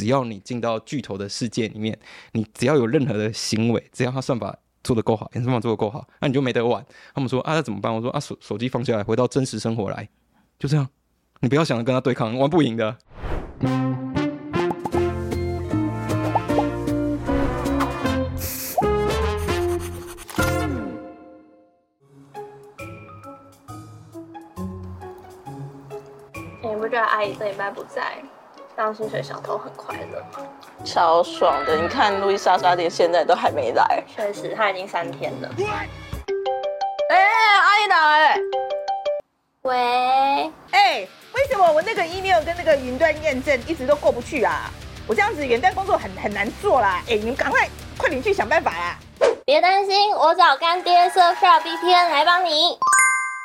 只要你進到巨頭的世界裡面，你只要有任何的行為，只要他算法做的夠好，算法做的夠好，那你就沒得玩。他們說啊，那怎麼辦？我說啊，手手機放下來，回到真實生活來，就這樣。你不要想着跟他對抗，玩不贏的。也不知道阿姨這禮拜不在。當薪水小偷很快樂，超爽的！你看，路易莎莎爹現在都還沒來，確實，他已經三天了。哎、欸，阿姨吶，喂，哎、欸，為什麼我那個 email 跟那個雲端驗證一直都過不去啊？我這樣子，雲端工作很很難做啦。哎、欸，你們趕快快點去想辦法啦，啊！別擔心，我找乾爹 Surfshark VPN 來幫你。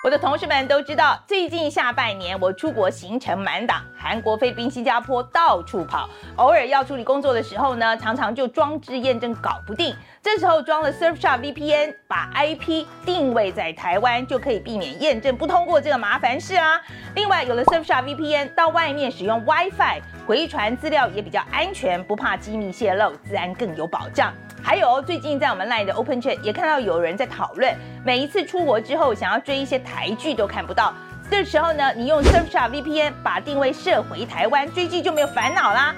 我的同事們都知道，最近下半年我出國行程滿檔，韓國、菲律賓、新加坡到處跑。偶爾要處理工作的時候呢，常常就裝置驗證搞不定。這時候裝了 Surfshark VPN，把 IP 定位在台灣，就可以避免驗證不通過這個麻煩事啊。另外，有了 Surfshark VPN，到外面使用 WiFi 回傳資料也比較安全，不怕機密洩露，自然更有保障。還有，最近在我們 LINE 的 Open Chat 也看到有人在討論，每一次出國之後想要追一些台劇都看不到，這時候呢，你用 Surfshark VPN 把定位設回台灣，追劇就沒有煩惱啦。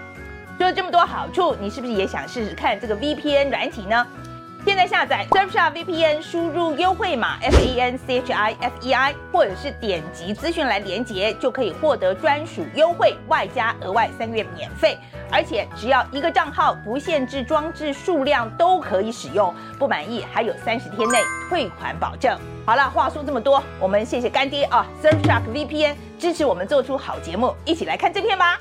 說了這麼多好處，你是不是也想試試看這個 VPN 軟體呢？現在下載 Surfshark VPN，輸入優惠碼 F A N C H I F E I，或者是點擊資訊來連接，就可以獲得專屬優惠，外加額外三個月免費。而且只要一個賬號，不限制裝置數量，都可以使用。不滿意還有三十天內退款保證。好了，話說這麼多，我們謝謝乾爹啊，Surfshark VPN 支持我們做出好節目，一起來看正片吧。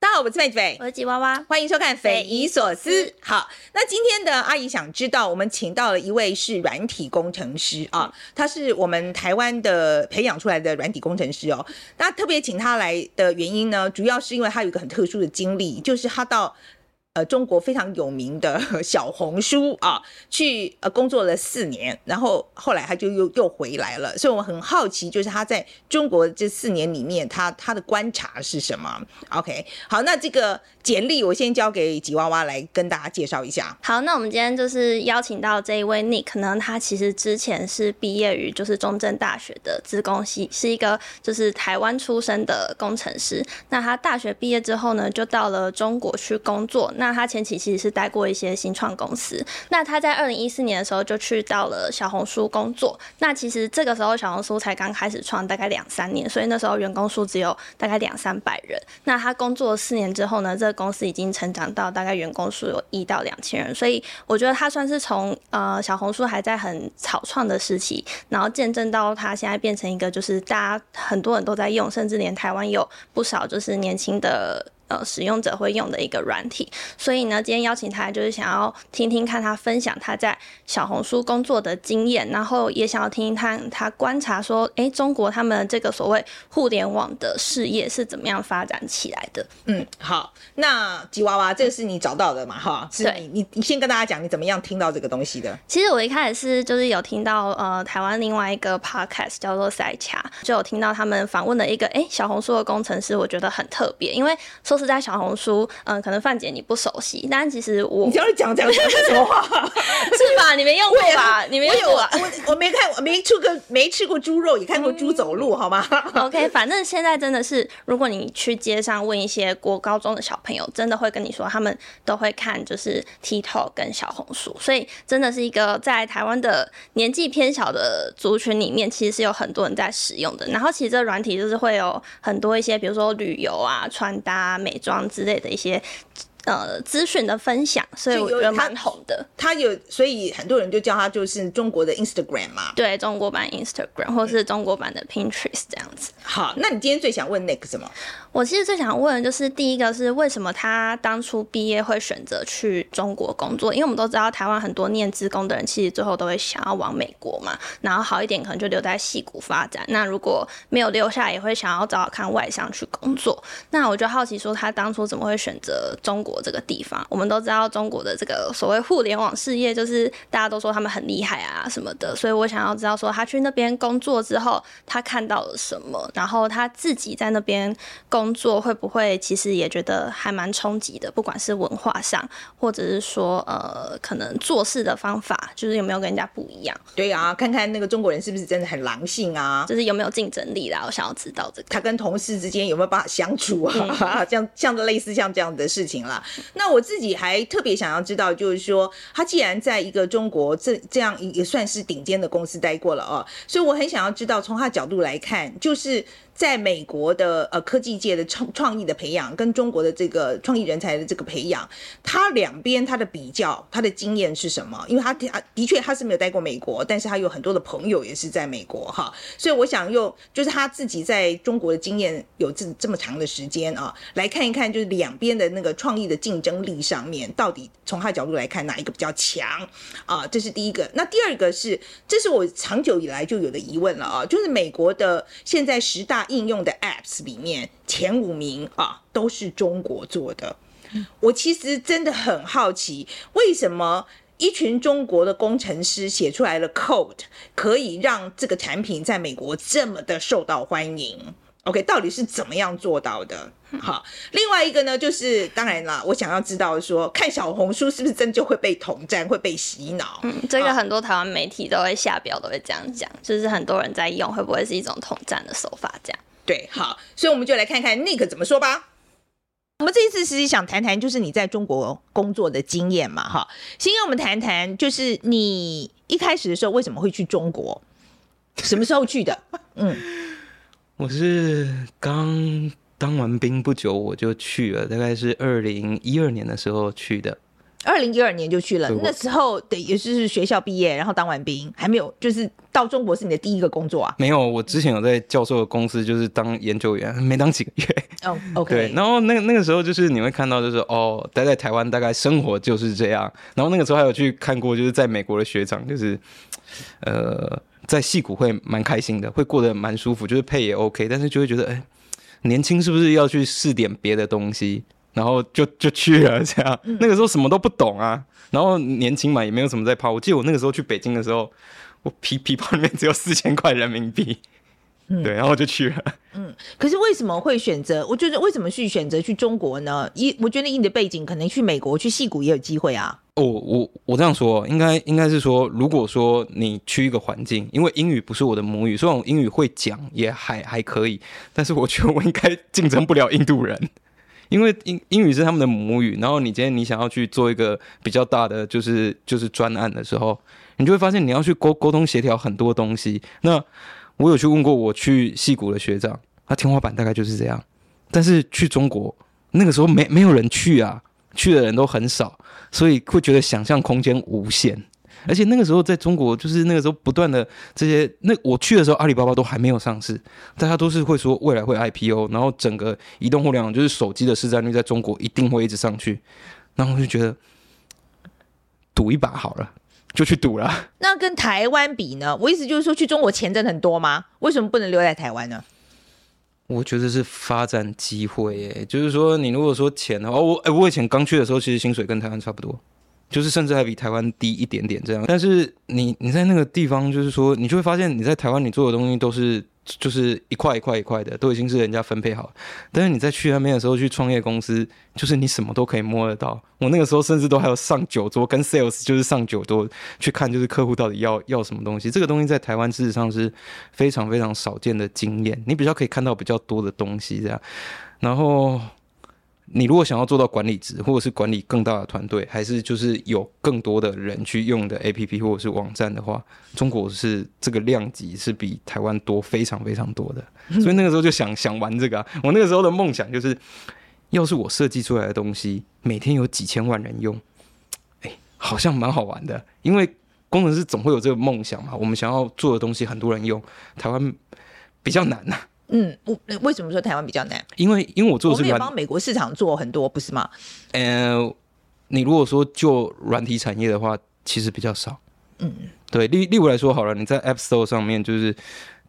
大家好，我是范琪斐，我是吉哇哇，歡迎收看《斐姨所思》。好，那今天的阿姨想知道，我們請到了一位是軟體工程師啊、哦，他是我們台灣的培養出來的軟體工程師哦。那特別請他來的原因呢，主要是因為他有一個很特殊的經歷，就是他到。呃，中國非常有名的小紅書啊，去呃工作了四年，然後後來他就又又回來了，所以，我很好奇，就是他在中國這四年裡面，他他的觀察是什麼？OK，好，那這個。簡歷我先交給吉娃娃來跟大家介紹一下。好，那我們今天就是邀請到這一位 Nick 呢，他其實之前是畢業於就是中正大學的資工系，是一個就是台灣出身的工程師。那他大學畢業之後呢，就到了中國去工作。那他前期其實是待過一些新創公司。那他在二零一四年的時候就去到了小紅書工作。那其實這個時候小紅書才剛開始創，大概兩三年，所以那時候員工數只有大概兩三百人。那他工作四年之後呢，這公司已經成長到大概員工數有一到兩千人，所以我覺得他算是從呃小紅書還在很草創的時期，然後見證到他現在變成一個就是大家很多人都在用，甚至連台灣也有不少就是年輕的。呃，使用者會用的一個軟體，所以呢，今天邀請他就是想要聽聽看他分享他在小紅書工作的經驗，然後也想要聽聽看他觀察說，哎、欸，中國他們這個所謂互聯網的事業是怎麼樣發展起來的。嗯，好，那吉娃娃，這個是你找到的嘛？哈、嗯，是你你先跟大家講你怎麼樣聽到這個東西的。其實我一開始是就是有聽到呃台灣另外一個 podcast 叫做塞卡，就有聽到他們訪問的一個哎、欸，小紅書的工程師，我覺得很特別，因為說。是在小紅書，嗯，可能范姐你不熟悉，但其實我你要是講講講什麼話 是吧？你沒用過吧？你沒有用過啊，我？我我，我沒看，我沒出過，沒吃過豬肉也看過豬走路，好嗎、 hmm,？OK，反正現在真的是，如果你去街上問一些國高中的小朋友，真的會跟你說，他們都會看，就是 TikTok 跟小紅書。所以真的是一個在台灣的年紀偏小的族群裡面，其實是有很多人在使用的。然後其實這軟體就是會有很多一些，比如說旅遊啊、穿搭。美妝之類的一些呃資訊的分享，所以有蠻紅的。他有，所以很多人就叫他就是中國的 Instagram 嘛，對，中國版 Instagram 或是中國版的 Pinterest 這樣子。嗯、好，那你今天最想問 Nick 什麼？我其實最想問的就是第一個是為什麼他當初畢業會選擇去中國工作？因為我們都知道台灣很多念資工的人，其實最後都會想要往美國嘛，然後好一點可能就留在矽谷發展。那如果沒有留下，也會想要找找看外商去工作。那我就好奇說他當初怎麼會選擇中國這個地方？我們都知道中國的這個所謂互聯網事業，就是大家都說他們很厲害啊什麼的。所以我想要知道說他去那邊工作之後，他看到了什麼，然後他自己在那邊。工作會不會其實也覺得還蠻衝擊的？不管是文化上，或者是說呃，可能做事的方法，就是有沒有跟人家不一樣？對啊，看看那個中國人是不是真的很狼性啊？就是有沒有競爭力啦？我想要知道這個。他跟同事之間有沒有辦法相處啊？嗯、 像像類似像這樣子的事情啦。那我自己還特別想要知道，就是說他既然在一個中國這這樣也算是頂尖的公司待過了哦、喔，所以我很想要知道從他的角度來看，就是。在美國的呃科技界，的創創意的培養，跟中國的這個創意人才的這個培養，他兩邊他的比較，他的經驗是什麼？因為他他的確他是沒有待過美國，但是他有很多的朋友也是在美國哈，所以我想用就是他自己在中國的經驗有這這麼長的時間啊，來看一看就是兩邊的那個創意的競爭力上面到底從他的角度來看哪一個比較強啊？這是第一個。那第二個是，這是我長久以來就有的疑問了啊，就是美國的現在十大。應用的 Apps 裡面前五名啊，都是中國做的。我其實真的很好奇，為什麼一群中國的工程師寫出來的 Code 可以讓這個產品在美國這麼的受到歡迎？OK，到底是怎麼樣做到的？嗯、好，另外一個呢，就是當然了，我想要知道說，看小紅書是不是真的就會被統戰，會被洗腦？嗯，這個很多台灣媒體都會下標，都會這樣講，就是很多人在用，會不會是一種統戰的手法？這樣對，好，所以我們就來看看 Nick 怎麼說吧。我們這一次其實想談談，就是你在中國工作的經驗嘛？哈，先跟我們談談，就是你一開始的時候為什麼會去中國？ 什麼時候去的？嗯。我是剛當完兵不久，我就去了，大概是二零一二年的時候去的。二零一二年就去了？那時候對，也就是學校畢業，然後當完兵，還沒有就是，到中國是你的第一個工作啊？沒有，我之前有在教授的公司就是當研究員，沒當幾個月。哦，OK。對，然後那個那個時候就是你會看到就是哦，待在台灣大概生活就是這樣。然後那個時候還有去看過就是在美國的學長，就是呃。在戲骨會蠻開心的，會過得蠻舒服，就是 pay 也 OK，但是就會覺得，哎，年輕是不是要去試點別的東西？然後就就去了這樣。那個時候什麼都不懂啊，然後年輕嘛，也沒有什麼在怕。我記得我那個時候去北京的時候，我皮皮包裡面只有四千塊人民幣。對，然後就去了嗯。嗯，可是為什麼會選擇？我覺得為什麼去選擇去中國呢？一，我覺得以你的背景，可能去美國去硅谷也有機會啊。哦，我我這樣說，應該應該是說，如果說你去一個環境，因為英語不是我的母語，雖然我英語會講，也還還可以，但是我覺得我應該競爭不了印度人，因為英英語是他們的母語。然後你今天你想要去做一個比較大的，就是就是專案的時候，你就會發現你要去溝溝通協調很多東西。那我有去問過我去矽谷的學長，他天花板大概就是這樣。但是去中國那個時候沒沒有人去啊，去的人都很少，所以會覺得想象空間無限。而且那個時候在中國，就是那個時候不斷的這些，那我去的時候阿里巴巴都還沒有上市，大家都是會說未來會 IPO，然後整個移動互聯網就是手機的市占率在中國一定會一直上去，然後我就覺得賭一把好了。就去賭了。那跟台灣比呢？我意思就是說，去中國錢真的很多嗎？為什麼不能留在台灣呢？我覺得是發展機會、欸，哎，就是說你如果說錢的話、哦，我誒、欸，我以前剛去的時候，其實薪水跟台灣差不多。就是甚至還比台灣低一點點這樣，但是你你在那個地方就是說，你就會發現你在台灣你做的東西都是就是一塊一塊一塊的，都已經是人家分配好。但是你在去那邊的時候去創業公司，就是你什麼都可以摸得到。我那個時候甚至都還有上酒桌跟 sales，就是上酒桌去看就是客戶到底要要什麼東西。這個東西在台灣事實上是非常非常少見的經驗，你比較可以看到比較多的東西這樣，然後。你如果想要做到管理職，或者是管理更大的團隊，還是就是有更多的人去用的 APP 或者是網站的話，中國是這個量級是比台灣多非常非常多的。所以那個時候就想想玩這個啊，我那個時候的夢想就是，要是我設計出來的東西每天有幾千萬人用，哎，好像蠻好玩的。因為工程師總會有這個夢想嘛，我們想要做的東西很多人用，台灣比較難呐。嗯，我為什麼說台灣比較難？因為因為我做我們也幫美國市場做很多，不是嗎？嗯、呃，你如果說就軟體產業的話，其實比較少。嗯，對，例例如來說好了，你在 App Store 上面，就是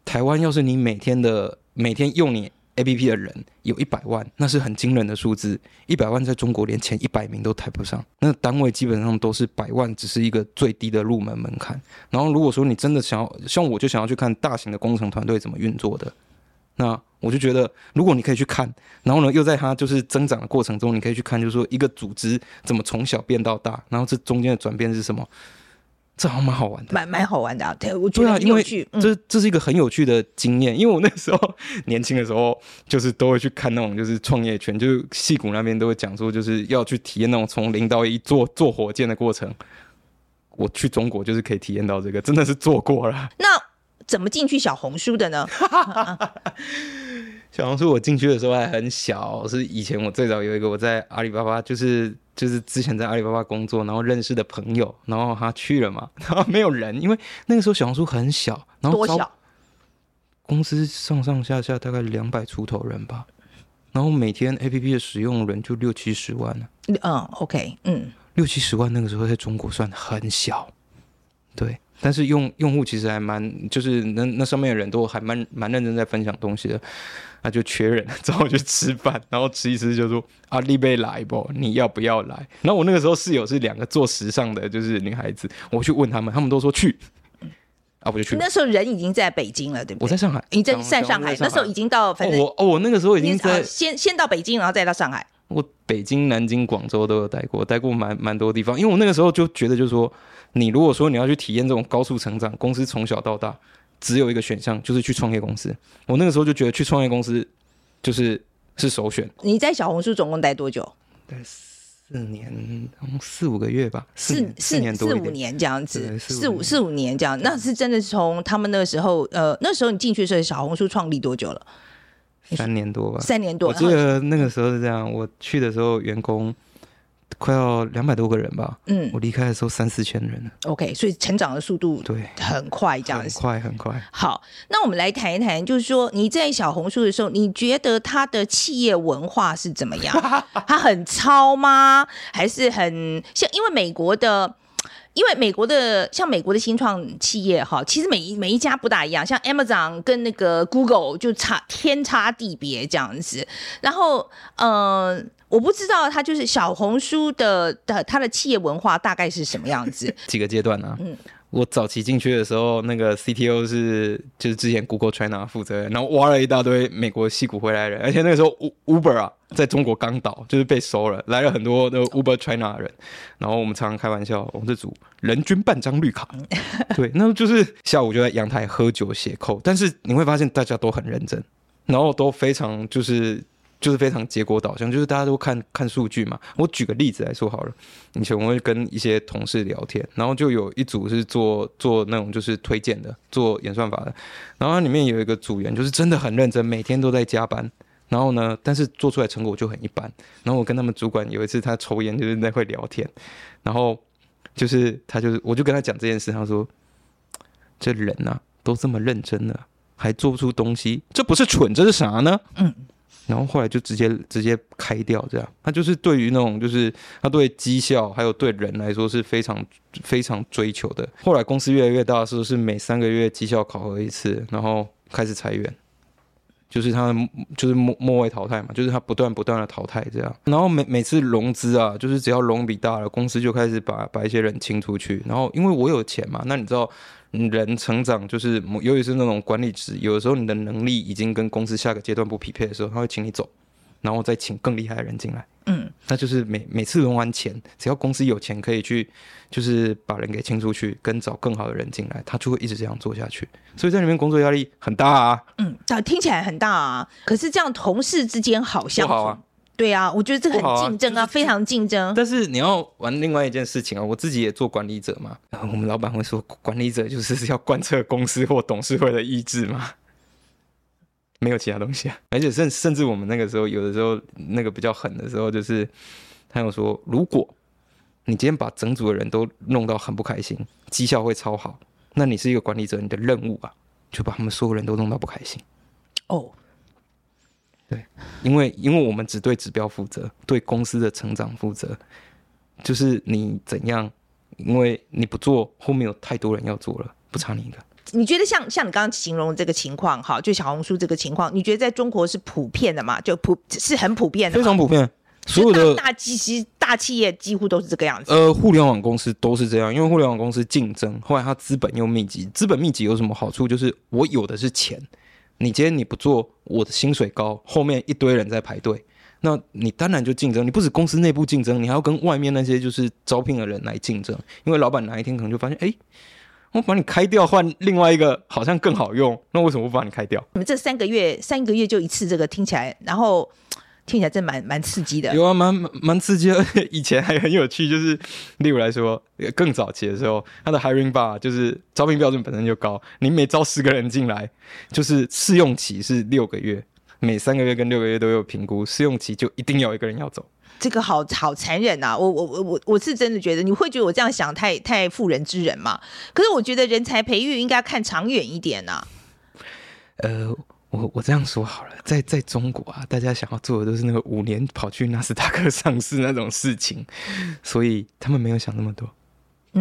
台灣，要是你每天的每天用你 APP 的人有一百萬，那是很驚人的數字。一百萬在中國連前一百名都抬不上，那單位基本上都是百萬，只是一個最低的入門門檻。然後如果說你真的想要像我，就想要去看大型的工程团隊怎麼運作的。那我就覺得，如果你可以去看，然後呢，又在它就是增長的過程中，你可以去看，就是說一個組織怎麼從小變到大，然後這中間的轉變是什麼，這還蠻好玩的，蠻蠻好玩的啊！對，我覺得有趣、啊、因為這這是一個很有趣的經驗。嗯、因為我那時候年輕的時候，就是都會去看那種就是創業圈，就是矽谷那邊都會講說，就是要去體驗那種從零到一做做火箭的過程。我去中國就是可以體驗到這個，真的是做過了。那、no!。怎麼進去小紅書的呢？ 小紅書，我進去的時候還很小哦，是以前我最早有一個我在阿里巴巴，就是就是之前在阿里巴巴工作，然後認識的朋友，然後他去了嘛，然後沒有人，因為那個時候小紅書很小，然後多小？公司上上下下大概兩百出頭人吧，然後每天 APP 的使用的人就六七十萬呢啊。嗯，OK，嗯，六七十萬那個時候在中國算很小，對。但是用用戶其實還蠻，就是那那上面的人都還蠻蠻認真在分享東西的，那、啊、就缺人，然後去吃飯，然後吃吃就說啊，立貝來不？你要不要來？然後我那個時候室友是兩個做時尚的，就是女孩子，我去問他們，他們都說去，啊，我就去。那時候人已經在北京了，對不對？我在上海，你在在上海，那時候已經到，反正哦我哦，我那個時候已經在先先到北京，然後再到上海。我北京、南京、廣州都有待過，待過蠻蠻多地方。因為我那個時候就覺得，就是說，你如果說你要去體驗這種高速成長公司，從小到大只有一個選項，就是去創業公司。我那個時候就覺得去創業公司就是是首選。你在小紅書總共待多久？待四年四五個月吧。四四四，四五年這樣子，對對對，四五四五，四五年這樣子，那是真的是從他們那個時候呃，那時候你進去的時候，小紅書創立多久了？三年多吧，三年多。我記得那個時候是這樣，我去的時候員工快要兩百多個人吧。嗯，我離開的時候三四千人。OK，所以成長的速度很對很快，這樣很快很快。好，那我們來談一談，就是說你在小紅書的時候，你覺得他的企業文化是怎麼樣？他 很糙嗎？還是很像？因為美國的。因為美國的像美國的新創企業哈，其實每一每一家不大一樣，像 Amazon 跟那個 Google 就差天差地別這樣子。然後，嗯、呃，我不知道它就是小紅書的的它的企業文化大概是什麼樣子，幾個階段呢、啊？嗯。嗯我早期進去的時候，那個 CTO 是就是之前 Google China 負責人，然後挖了一大堆美國矽谷回來的人，而且那個時候 Uber 啊在中國剛倒，就是被收了，來了很多 Uber China 的人，然後我們常常開玩笑，我們這組人均半張綠卡，對，那就是下午就在陽台喝酒寫 code。但是你會發現大家都很認真，然後都非常就是。就是非常結果導向，就是大家都看看數據嘛。我舉個例子來說好了，以前我會跟一些同事聊天，然後就有一組是做做那種就是推薦的，做演算法的。然後裡面有一個組員，就是真的很認真，每天都在加班。然後呢，但是做出來成果就很一般。然後我跟他們主管有一次，他抽菸就是在會聊天，然後就是他就是我就跟他講這件事，他說：“這人吶，啊，都這麼認真了，還做不出東西，這不是蠢，這是啥呢？”嗯。然後後來就直接直接開掉這樣，他就是對於那種就是他對績效還有對人來說是非常非常追求的。後來公司越來越大的時候是每三個月績效考核一次，然後開始裁員。就是他，就是末末位淘汰嘛，就是他不斷不斷的淘汰這樣，然後每每次融資啊，就是只要融比大了，公司就開始把把一些人清出去，然後因為我有錢嘛，那你知道人成長就是尤其是那種管理職，有的時候你的能力已經跟公司下個階段不匹配的時候，他會請你走。然後再請更厲害的人進來，嗯，那就是每每次融完錢，只要公司有錢可以去，就是把人給清出去，跟找更好的人進來，他就會一直這樣做下去。所以在裡面工作壓力很大啊，嗯，聽起來很大啊，可是這樣同事之間好像不好啊，對啊，我覺得這很競爭啊，啊就是、非常競爭、就是。但是你要玩另外一件事情啊，我自己也做管理者嘛，呃、我們老板會說，管理者就是要貫徹公司或董事會的意志嘛。沒有其他東西啊，而且甚甚至我們那個時候有的時候那個比較狠的時候，就是他有說，如果你今天把整組的人都弄到很不開心，績效會超好，那你是一個管理者，你的任務啊，就把他們所有人都弄到不開心。哦，oh，對，因為因為我們只對指標負責，對公司的成長負責，就是你怎樣，因為你不做，後面有太多人要做了，不差你一個。你覺得像像你剛剛形容的這個情況，哈，就小紅書這個情況，你覺得在中國是普遍的嗎？就普是很普遍的，非常普遍，所有的大大，其實大企業幾乎都是這個樣子。呃，互聯網公司都是這樣，因為互聯網公司競爭，後來它資本又密集，資本密集有什麼好處？就是我有的是錢，你今天你不做，我的薪水高，後面一堆人在排隊，那你當然就競爭。你不止公司內部競爭，你還要跟外面那些就是招聘的人來競爭，因為老板哪一天可能就發現，哎。我把你開掉，換另外一個好像更好用，那為什麼不把你開掉？你們這三個月，三個月就一次這個聽起來，然後聽起來真蠻蠻刺激的。有啊，蠻蠻刺激的，而 且以前還很有趣。就是例如來說，更早期的時候，他的 hiring bar 就是招聘標準本身就高，你每招十個人進來，就是試用期是六個月，每三個月跟六個月都有評估，試用期就一定要一個人要走。這個好好殘忍吶、啊！我我我我我是真的覺得，你會覺得我這樣想太太婦人之仁嘛，可是我覺得人才培育應該看長遠一點吶、啊。呃，我我這樣說好了，在在中國啊，大家想要做的都是那個五年跑去納斯達克上市那種事情，所以他們沒有想那麼多。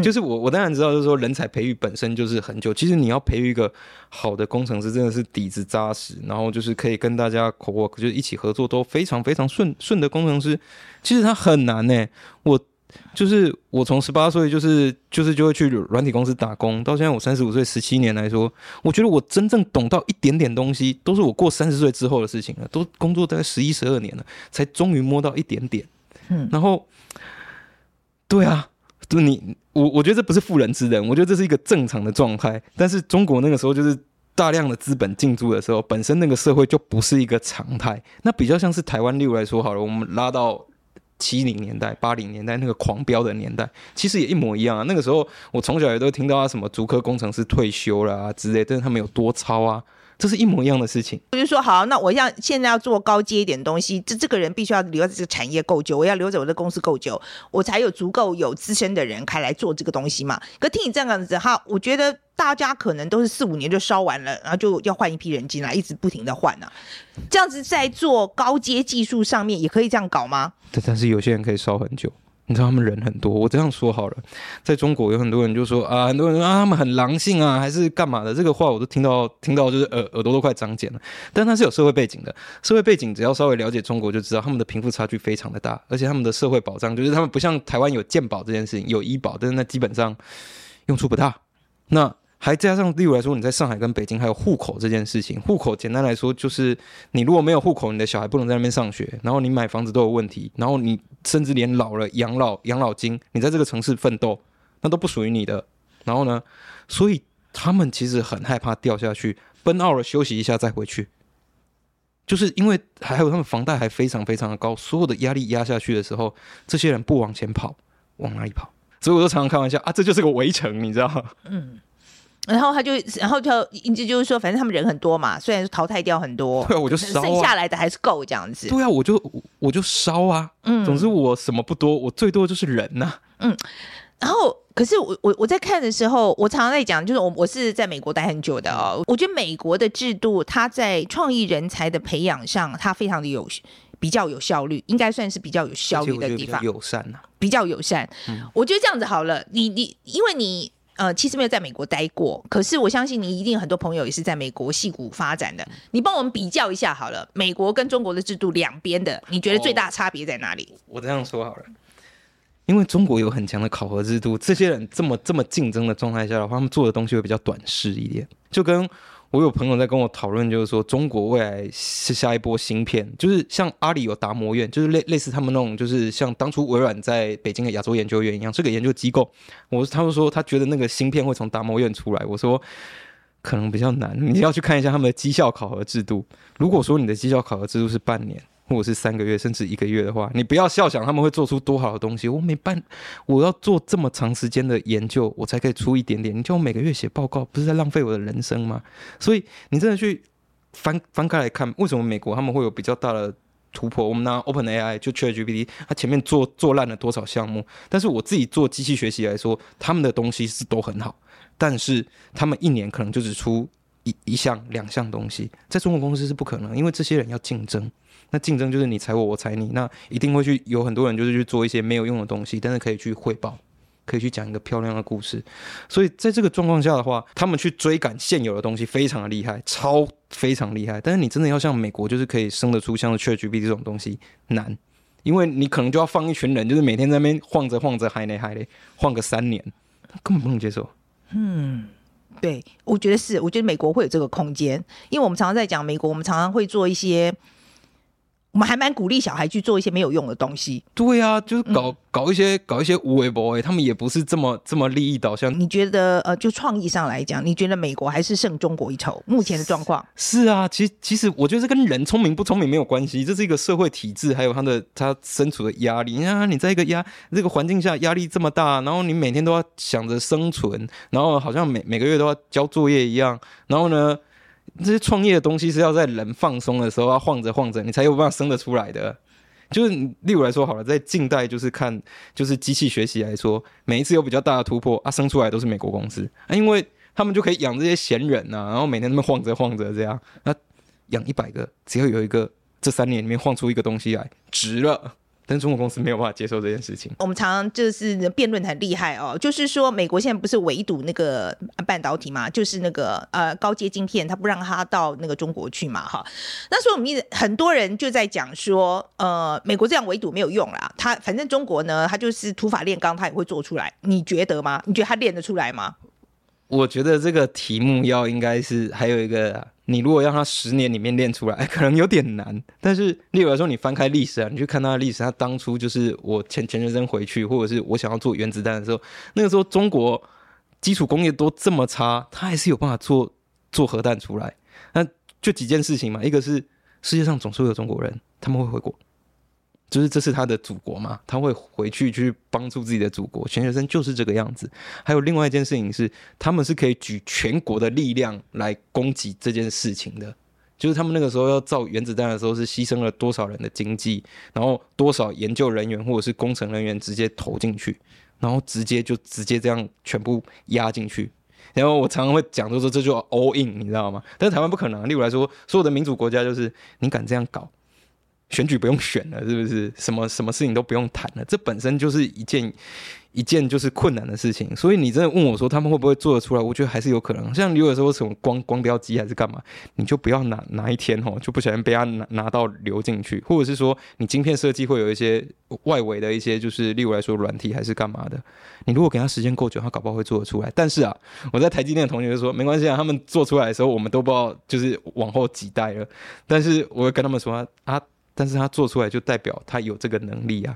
就是我，我當然知道，就是說人才培育本身就是很久。其實你要培育一個好的工程師，真的是底子扎實，然後就是可以跟大家 co-work，就是一起合作都非常非常順順的工程師，其實他很難呢、欸。我就是我從十八歲就是就是就會去軟體公司打工，到現在我三十五歲，十七年來說，我覺得我真正懂到一點點東西，都是我過三十歲之後的事情了。都工作大概十一十二年了，才終於摸到一點點。嗯，然後對啊。就你，我我覺得這不是婦人之仁，我覺得這是一個正常的狀態。但是中國那個時候就是大量的資本進駐的時候，本身那個社會就不是一個常態。那比較像是台灣六來說好了，我們拉到七零年代，八零年代那個狂飆的年代，其實也一模一樣啊。那個時候我從小也都聽到啊，什麼竹科工程師退休了啊之類，但是他們有多操啊。這是一模一樣的事情。我就說好，那我要現在要做高階一點的東西，這這個人必須要留在這個產業夠久，我要留在我的公司夠久，我才有足夠有資深的人開來做這個東西嘛。可聽你這樣子哈，我覺得大家可能都是四五年就燒完了，然後就要換一批人進來，一直不停的換呢、啊。這樣子在做高階技術上面也可以這樣搞嗎？但是有些人可以燒很久。你知道他們人很多，我這樣說好了。在中國有很多人就說啊，很多人說啊，他們很狼性啊，還是幹嘛的？這個話我都聽到，聽到就是耳耳朵都快長繭了。但他是有社會背景的，社會背景只要稍微了解中國就知道，他們的貧富差距非常的大，而且他們的社會保障就是他們不像台灣有健保這件事情，有醫保，但是那基本上用處不大。那再加上對我來說，你在上海跟北京還有戶口這件事情，戶口簡單來說就是你如果沒有戶口，你的小孩不能在那邊上學，然後你買房子都有問題，然後你甚至連老了養老養老金，你在這個城市奮鬥，那都不屬於你的。然後呢，所以他們其實很害怕掉下去，奔奧了休息一下再回去，就是因為還有他們房貸還非常非常的高，所有的壓力壓下去的時候，這些人不往前跑，往哪裡跑？所以我就常常開玩笑啊，這就是個圍城，你知道嗎？然後他就，然後他就，就是說，反正他們人很多嘛，雖然淘汰掉很多，對啊，我就燒啊，剩下來的還是夠這樣子。對啊，我就我就燒啊，嗯，總之我什麼不多，我最多就是人吶，啊。嗯，然後可是我我我在看的時候，我常常在講，就是我我是在美國待很久的哦，我覺得美國的制度，它在創意人才的培養上，它非常的有比較有效率，應該算是比較有效率的地方，友善啊，比較友善。嗯，我覺得這樣子好了，你你因為你。呃，其實沒有在美國待過，可是我相信你一定有很多朋友也是在美國矽谷發展的。你幫我們比較一下好了，美國跟中國的制度兩邊的，你覺得最大差別在哪裡？哦，我這樣說好了，因為中國有很強的考核制度，這些人這麼這麼競爭的狀態下的話，他們做的東西會比較短視一點，就跟。我有朋友在跟我討論，就是說中國未來是下一波芯片，就是像阿里有達摩院，就是類類似他們那種，就是像當初微軟在北京的亞洲研究院一樣，這個研究機構。我他們說他覺得那個芯片會從達摩院出來，我說可能比較難，你要去看一下他們的績效考核制度。如果說你的績效考核制度是半年，或者是三個月甚至一個月的話，你不要笑，想他們會做出多好的東西。我沒辦，我要做這麼長時間的研究，我才可以出一點點。你就每個月寫報告，不是在浪費我的人生嗎？所以你真的去翻翻開來看，為什麼美國他們會有比較大的突破？我們拿 Open AI 就 ChatGPT，它前面做做爛了多少項目？但是我自己做機器學習來說，他們的東西是都很好，但是他們一年可能就只出一一項、兩項東西，在中國公司是不可能，因為這些人要競爭。那競爭就是你踩我，我踩你，那一定會去有很多人就是去做一些沒有用的東西，但是可以去匯報，可以去講一個漂亮的故事。所以在這個狀況下的話，他們去追趕現有的東西非常的厲害，超非常厲害。但是你真的要像美國，就是可以生得出像 ChatGPT 這種東西，難，因為你可能就要放一群人，就是每天在那邊晃着晃着嗨嘞嗨嘞，晃個三年，根本不能接受。嗯，對，我覺得是，我覺得美國會有這個空間，因為我們常常在講美國，我們常常會做一些。我們還蠻鼓勵小孩去做一些沒有用的東西。對啊，就是搞搞一些搞一些有的沒的，他們也不是這麼這麼利益導向。你覺得呃，就創意上來講，你覺得美國還是勝中國一籌？目前的狀況是，是啊，其實其實我覺得這跟人聰明不聰明沒有關係，這是一個社會體制，還有他的他身處的壓力。你看，你在一個壓這個環境下壓力這麼大，然後你每天都要想着生存，然後好像每每個月都要交作業一樣，然後呢？這些創業的東西是要在人放鬆的時候，啊，晃着晃着，你才有辦法生得出來的。就是，例如來說好了，在近代，就是看，就是機器學習來說，每一次有比較大的突破，啊，生出來都是美國公司，啊，因為他們就可以養這些閒人吶，啊，然後每天那麼晃着晃着這樣，那養一百個，只要有一個這三年裡面晃出一個東西來，值了。但是中國公司沒有辦法接受這件事情。我們常常就是辯論很厲害哦，就是說美國現在不是圍堵那個半導體嘛，就是那個呃高階晶片，他不讓他到那個中國去嘛，哈。那時候我們很多人就在講說，呃，美國這樣圍堵沒有用啦，他反正中國呢，他就是土法煉鋼，他也會做出來。你覺得嗎？你覺得他煉得出來嗎？我覺得這個題目要應該是還有一個。你如果讓他十年裡面練出來，哎，可能有點難。但是，例如來說，你翻開歷史啊，你去看他的歷史，他當初就是我前前學生回去，或者是我想要做原子彈的時候，那個時候中國基礎工業都這麼差，他還是有辦法做做核彈出來。那就幾件事情嘛，一個是世界上總是有中國人，他們會回國。就是，這是他的祖國嘛，他會回去去幫助自己的祖國。錢學森就是這個樣子。還有另外一件事情是，他們是可以舉全國的力量來攻擊這件事情的。就是他們那個時候要造原子彈的時候，是犧牲了多少人的經濟，然後多少研究人員或者是工程人員直接投進去，然後直接就直接這樣全部壓進去。然後我常常會講，就說，這就 all in，你知道嗎？但是台灣不可能。例如來說，所有的民主國家就是你敢這樣搞，選舉不用選了，是不是？什麼什麼事情都不用談了，這本身就是一件一件就是困難的事情。所以你真的問我說他們會不會做得出來？我覺得還是有可能。像有的時候什麼光光刻機還是幹嘛，你就不要拿哪一天哦，就不小心被他拿拿到流進去，或者是說你晶片設計會有一些外圍的一些，就是例如來說軟體還是幹嘛的。你如果給他時間夠久，他搞不好會做得出來。但是啊，我在台積電的同學就說沒關係啊，他們做出來的時候我們都不知道就是往後幾代了。但是我會跟他們說啊。啊但是他做出來就代表他有這個能力啊！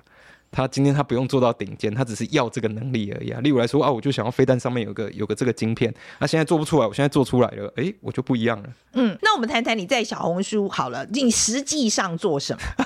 他今天他不用做到頂尖，他只是要這個能力而已啊。例如來說啊，我就想要飛彈上面有個有個這個晶片，那、啊、現在做不出來，我現在做出來了，哎、欸，我就不一樣了。嗯，那我們談談你在小紅書好了，你實際上做什麼？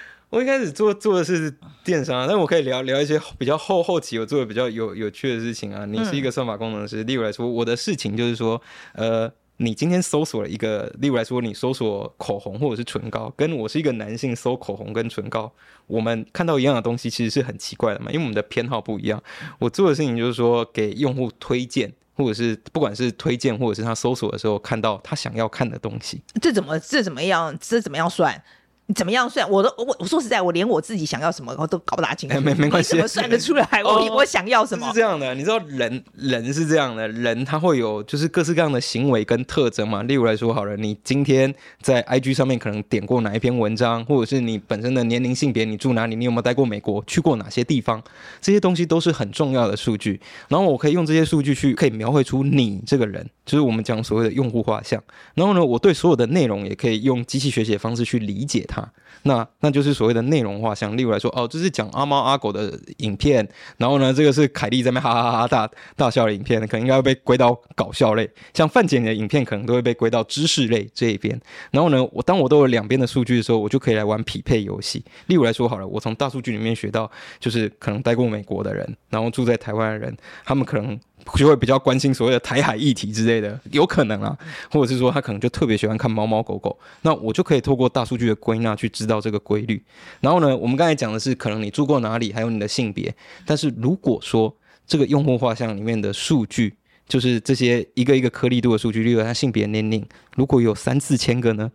我一開始做做的是電商、啊，但我可以聊聊一些比較後後期我做的比較有有趣的事情啊。你是一個算法工程師，嗯、例如來說，我的事情就是說，呃。你今天搜索了一個，例如來說，你搜索口紅或者是唇膏，跟我是一個男性搜口紅跟唇膏，我們看到一樣的東西，其實是很奇怪的嘛，因為我們的偏好不一樣。我做的事情就是說，給用戶推薦，或者是不管是推薦，或者是他搜索的時候看到他想要看的東西。這怎麼，這怎麼樣，這怎麼樣算？你怎麼樣算？我都我我說實在，我連我自己想要什麼都搞不大清楚。欸、沒沒關係，你怎麼算得出來？我、哦、我想要什麼？這是這樣的，你知道人，人人是這樣的，人他會有就是各式各樣的行為跟特徵嘛。例如來說，好了，你今天在 IG 上面可能點過哪一篇文章，或者是你本身的年齡、性別、你住哪裡，你有沒有待過美國，去過哪些地方，這些東西都是很重要的數據。然後我可以用這些數據去可以描繪出你這個人，就是我們講所謂的用戶畫像。然後呢，我對所有的內容也可以用機器學習的方式去理解它。啊、那那就是所謂的內容畫像，例如來說，哦，這是講阿貓阿狗的影片，然後呢，這個是凱莉在那哈哈哈哈大，大笑的影片，可能應該會被歸到搞笑類；像范姐你的影片，可能都會被歸到知識類這一邊。然後呢，我當我都有兩邊的數據的時候，我就可以來玩匹配遊戲。例如來說好了，我從大數據裡面學到，就是可能待過美國的人，然後住在台灣的人，他們可能。就會比較關心所謂的台海議題之類的，有可能啊，或者是說他可能就特別喜歡看貓貓狗狗，那我就可以透過大數據的歸納去知道這個規律。然後呢，我們剛才講的是可能你住過哪裡，還有你的性別。但是如果說這個用戶畫像裡面的數據就是這些一個一個顆粒度的數據，例如他性別、年齡，如果有三四千個呢？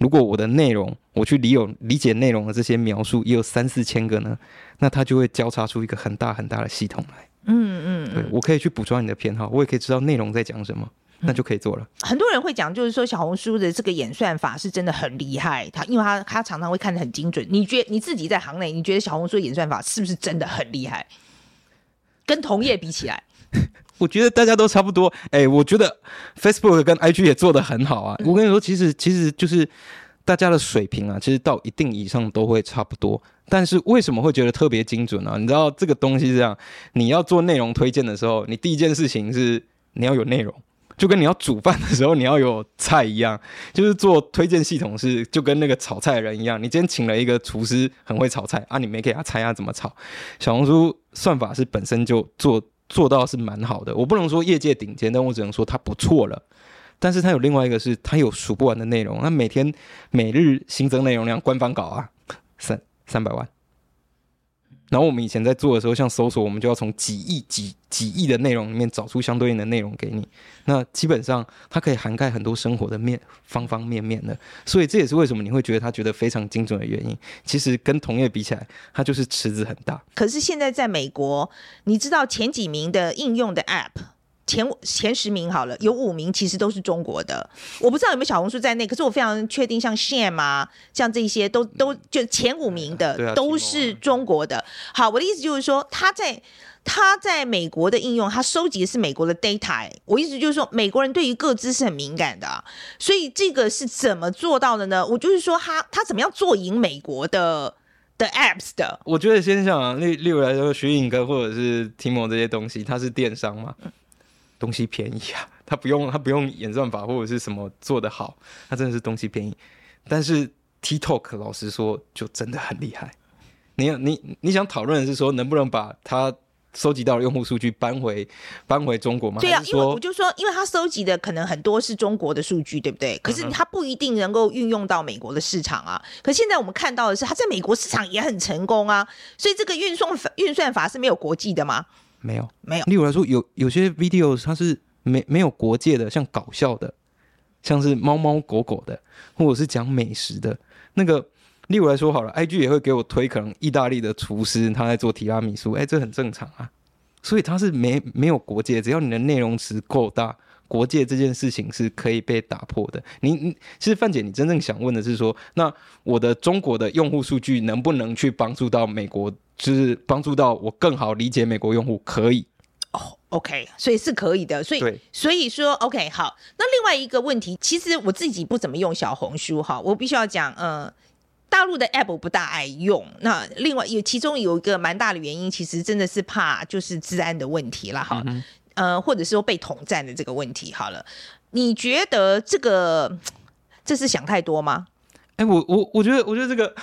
如果我的內容我去理有理解內容的這些描述也有三四千個呢，那他就會交叉出一個很大很大的系統來。嗯嗯，對我可以去補充你的偏好，我也可以知道內容在講什麼，那就可以做了。嗯、很多人會講，就是說小紅書的這個演算法，是真的很厲害，他因為他他常常會看得很精準。你覺你自己在行內，你覺得小紅書演算法，是不是真的很厲害？跟同業比起來， 我覺得大家都差不多。哎、欸，我覺得 Facebook 跟 IG 也做得很好啊、嗯。我跟你說，其實其實就是大家的水平啊，其實到一定以上都會差不多。但是為什麼會覺得特別精準呢、啊？你知道這個東西是這樣，你要做內容推薦的時候，你第一件事情是你要有內容，就跟你要煮飯的時候你要有菜一樣，就是做推薦系統是就跟那個炒菜的人一樣，你今天請了一個廚師很會炒菜啊，你沒給他菜、啊，他怎麼炒？小紅書算法是本身就做做到是蠻好的，我不能說業界頂尖，但我只能說他不錯了。但是他有另外一個是他有數不完的內容，那每天每日新增內容量官方稿啊三。三百萬，然後我們以前在做的時候，像搜索，我們就要從幾億、幾幾億的內容裡面找出相對應的內容給你。那基本上它可以涵蓋很多生活的面方方面面的，所以這也是為什麼你會覺得他覺得非常精準的原因。其實跟同業比起來，它就是池子很大。可是現在在美國，你知道前幾名的應用的 App。前前十名好了，有五名其實都是中國的，我不知道有沒有小紅書在內，可是我非常確定，像 Shein 啊，像這些都都就前五名的、嗯啊、都是中國的，啊。好，我的意思就是說，他在他在美國的應用，他收集的是美國的 data，欸。我意思就是說，美國人對於個資是很敏感的，啊，所以這個是怎麼做到的呢？我就是說他，他他怎麼樣做贏美國的的 apps 的？我覺得先想，啊、例例如來說，徐穎哥或者是 Temu 這些東西，他是電商嗎？ 東西便宜啊，他不用他不用演算法或者是什麼做得好，他真的是東西便宜。但是 TikTok 老實說就真的很厲害。你你你想討論的是說能不能把他收集到的用戶數據搬回搬回中國嗎？對啊，因為我就說，因為他收集的可能很多是中國的數據，對不對？可是他不一定能夠運用到美國的市場啊。可是現在我們看到的是，他在美國市場也很成功啊。所以這個運送運算法是沒有國際的嗎？沒有，沒有。例如來說，有有些 videos 它是沒沒有國界的，像搞笑的，像是貓貓狗狗的，或者是講美食的那個。例如來說好了，IG 也會給我推，可能意大利的廚師他在做提拉米蘇，哎，這很正常啊。所以它是沒沒有國界，只要你的內容池夠大。國界這件事情是可以被打破的。你，其實范姐，你真正想問的是說，那我的中國的用戶數據能不能去幫助到美國，就是幫助到我更好理解美國用戶？可以。哦、oh，OK，所以是可以的。所以，所以說，OK，好。那另外一個問題，其實我自己不怎麼用小紅書哈，我必須要講，嗯、呃，大陸的 app 不大愛用。那另外有其中有一個蠻大的原因，其實真的是怕就是治安的問題了哈。呃，或者是說被統戰的這個問題，好了，你覺得這個這是想太多嗎？哎、欸，我我我覺得，我覺得這個